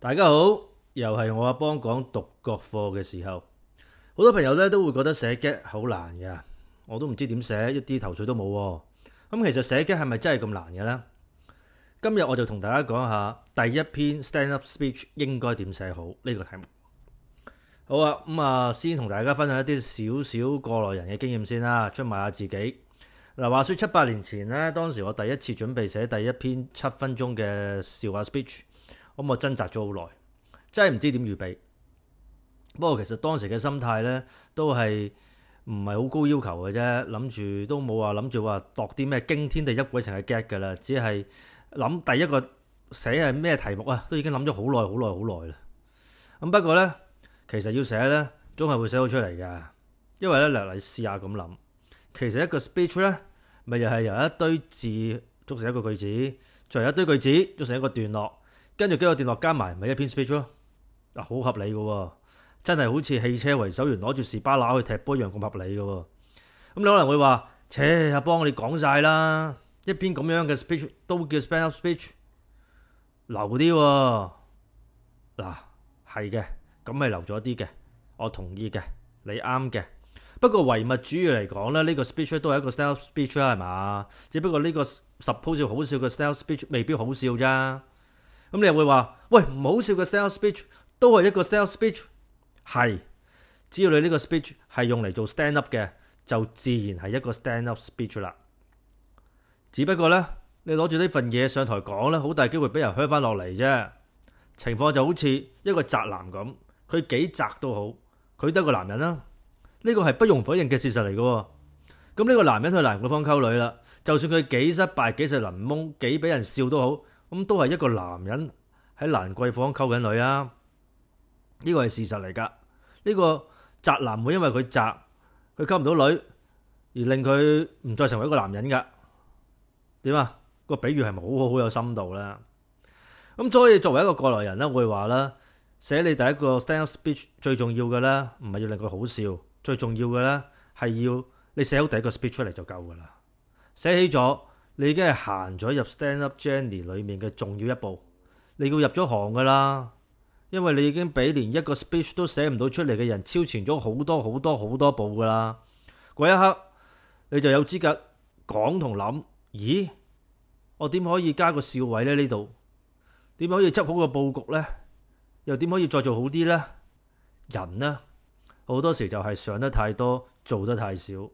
大家好，又係我阿邦講獨角課嘅時候，好多朋友咧都會覺得寫 gag 好難嘅，我都唔知點寫，一啲頭緒都冇。咁其實寫 gag 係係咪真係咁難嘅呢？今日我就同大家講下第一篇 stand up speech 應該點寫好呢，這個題目。好啊，咁啊，先同大家分享一啲少少過來人嘅經驗先啦，出賣下自己。嗱，話說七八年前呢，當時我第一次準備寫第一篇七分鐘嘅笑話 speech。咁我掙扎咗好耐，真係唔知點預備。不過其實當時嘅心態呢，都係唔係好高要求嘅啫。諗住都冇話諗住話度啲咩驚天地泣鬼神嘅 get 㗎啦，只係諗第一個寫係咩題目啊，都已經諗咗好耐、好耐、好耐啦。咁不過呢，其實要寫呢，總係會寫到出嚟嘅，因為呢，略嚟試下咁諗，其實一個 speech 呢，咪又係由一堆字組成一個句子，再由一堆句子組成一個段落。跟住幾個電落加埋，咪、就是、一篇 speech 咯。嗱、啊，好合理噶、啊，真係好似汽車維修員攞住士巴拿去踢波一樣咁合理噶、啊。咁、嗯、你可能會話，切，阿邦，你哋講晒啦，一篇咁樣嘅 speech 都叫 stand-up speech，留啲、啊。嗱、啊，係嘅，咁係留咗啲嘅，我同意嘅，你啱嘅。不過唯物主義嚟講咧，呢、這個 speech 都係一個 stand-up speech 啦，係嘛？只不過呢、這個 suppose 好笑嘅 stand-up speech，未必好笑咋。咁你又會話喂唔好笑嘅 stand up speech 都係一個 stand up speech，係只要你呢個 speech 係用嚟做 stand up 嘅，就自然係一個 stand up speech 啦。只, spe speech 只不過呢，你攞住呢份嘢上台講呢好大機會俾人噓翻落嚟啫。情況就好似一個宅男咁，佢幾宅都好，佢都係個男人啦。呢個係不容否認嘅事實嚟嘅。咁呢個男人去男嘅方溝女啦，就算佢幾失敗、幾實林懵、幾俾人笑都好。咁都係一個男人喺蘭桂坊溝緊女啊！呢個係事實嚟噶。呢個宅男會因為佢宅，佢溝唔到女，而令佢唔再成為一個男人噶。點啊？個比喻係咪好好好有深度啦？咁所以作為一個過來人咧，我會話啦，寫你第一個 stand-up speech 最重要噶啦，唔係要令佢好笑，最重要嘅啦係要你寫好第一個 speech 出嚟就夠噶啦。寫起咗。你已經係行咗入 stand-up journey 裏面嘅重要一步，你要入咗行噶啦，因為你已經俾連一個 speech 都寫唔到出嚟嘅人超前咗好多好多好多步噶啦。嗰一刻，你就有資格講同諗，咦，我點可以加個笑位呢？呢度點可以執好個佈局呢？又點可以再做好啲呢？人呢，好多時就係想得太多，做得太少。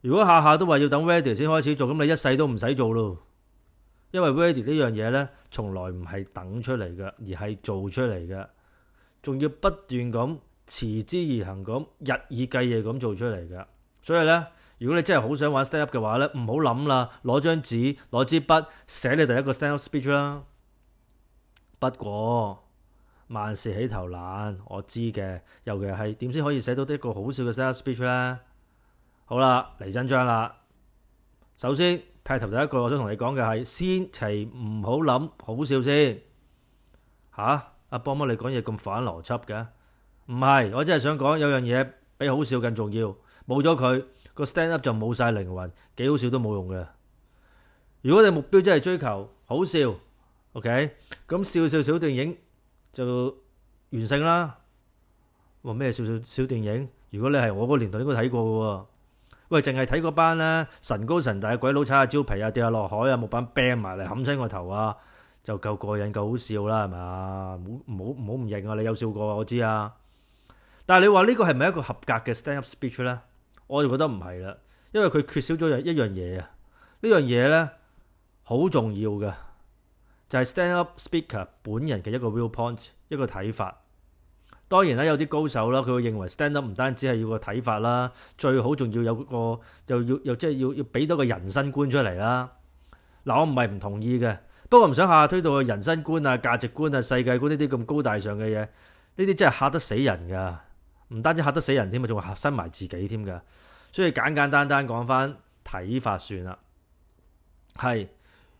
如果下下都話要等 ready 先開始做，咁你一世都唔使做咯。因為 ready 呢樣嘢呢，從來唔係等出嚟嘅，而係做出嚟嘅，仲要不斷咁持之以恆咁，日以繼夜咁做出嚟嘅。所以呢，如果你真係好想玩 stand up 嘅話呢，唔好諗啦，攞張紙，攞支筆，寫你第一個 stand up speech 啦。不過萬事起頭難，我知嘅，尤其係點先可以寫到一個好笑嘅 stand up speech 呢？好啦，嚟真章啦！首先，劈頭第一個我想同你講嘅係，先齊唔好諗好笑先吓。阿波波，你講嘢咁反邏輯嘅，唔係，我真係想講有樣嘢比好笑更重要。冇咗佢個 Stand Up 就冇晒靈魂，幾好笑都冇用嘅。如果你目標真係追求好笑，OK，咁笑笑小電影就完成啦。話咩笑笑小電影？如果你係我嗰年代應該睇過嘅喎。喂，淨係睇個班咧神高神大嘅鬼佬踩下蕉皮啊，跌下落海啊，木板掟埋嚟冚親個頭啊，就夠過癮，夠好笑啦，係咪？唔好唔好唔好唔認啊！你有笑過我知啊。但係你話呢個係咪一個合格嘅 stand up speech 咧？我就覺得唔係啦，因為佢缺少咗一樣嘢啊。呢樣嘢咧好重要嘅，就係 stand up speaker 本人嘅一個 view point，一個睇法。當然啦，有啲高手啦，佢會認為 stand up 唔單止係要個睇法啦，最好仲要有個又要又即係要要俾多個人生觀出嚟啦。嗱，我唔係唔同意嘅，不過唔想下下推到人生觀啊、價值觀啊、世界觀呢啲咁高大上嘅嘢，呢啲真係嚇得死人噶，唔單止嚇得死人添，仲會嚇親埋自己添噶，所以簡簡單單講翻睇法算啦，係。